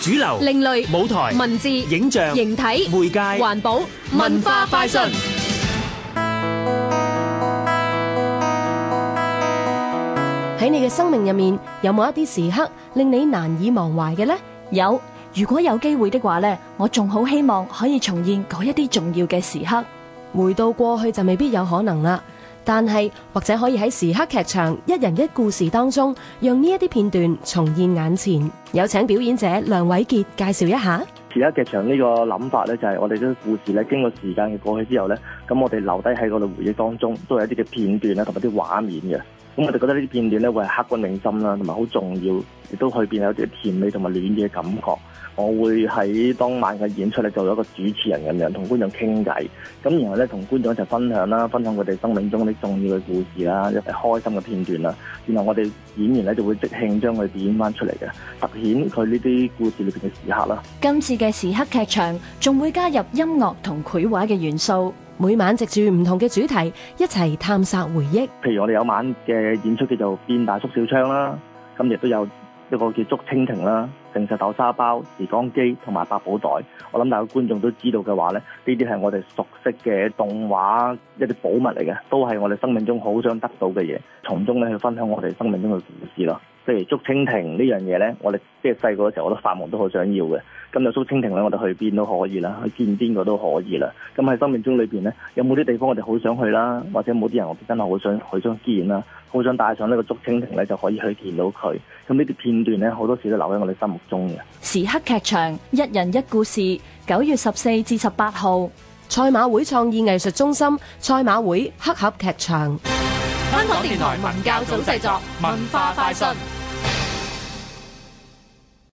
主流、另類、舞台、文字、影像、形體、媒介、環保、文化快進。喺你嘅生命入面，有冇一啲時刻令你難以忘懷嘅呢？有，如果有機會的話呢，我仲好希望可以重現嗰一啲重要嘅時刻。回到過去就未必有可能啦。但係，或者可以喺《時刻劇場》一人一故事當中，讓呢一啲片段重現眼前。有請表演者梁偉杰介紹一下《時刻劇場》呢個諗法呢，就係我哋啲故事咧經過時間嘅過去之後呢，咁我哋留低喺我哋回憶當中，都有一啲嘅片段啦，同埋啲畫面嘅。咁我哋覺得呢啲片段咧會係刻骨銘心啦，同埋好重要。亦都去變有啲甜味同埋暖嘅感覺。我會喺當晚嘅演出咧，做咗一個主持人咁樣同觀眾傾偈，咁然後咧同觀眾一齊分享啦，分享佢哋生命中啲重要嘅故事啦，一齊開心嘅片段啦。然後我哋演員咧就會即興將佢演翻出嚟嘅，凸顯佢呢啲故事裏邊嘅時刻啦。今次嘅時刻劇場仲會加入音樂同繪畫嘅元素，每晚藉住唔同嘅主題一齊探索回憶。譬如我哋有晚嘅演出叫做《變大縮小槍》啦，咁亦都有。一個叫竹蜻蜓啦，零食豆沙包、時光機同埋百寶袋。我諗大家觀眾都知道嘅話咧，呢啲係我哋熟悉嘅動畫一啲寶物嚟嘅，都係我哋生命中好想得到嘅嘢，從中咧去分享我哋生命中嘅故事咯。譬如竹蜻蜓呢樣嘢呢，我哋即係細個嗰時候我、嗯，我都發夢都好想要嘅。咁有竹蜻蜓呢，我哋去邊都可以啦，去見邊個都可以啦。咁喺生命中裏邊呢，有冇啲地方我哋好想去啦，或者冇啲人我真係好想去，想見啦，好想帶上呢個竹蜻蜓呢，就可以去見到佢。咁呢啲片段呢，好多時都留喺我哋心目中嘅。時刻劇場一人一故事，九月十四至十八號，賽馬會創意藝術中心，賽馬會黑盒劇場。香港電台文教組製作文化快訊。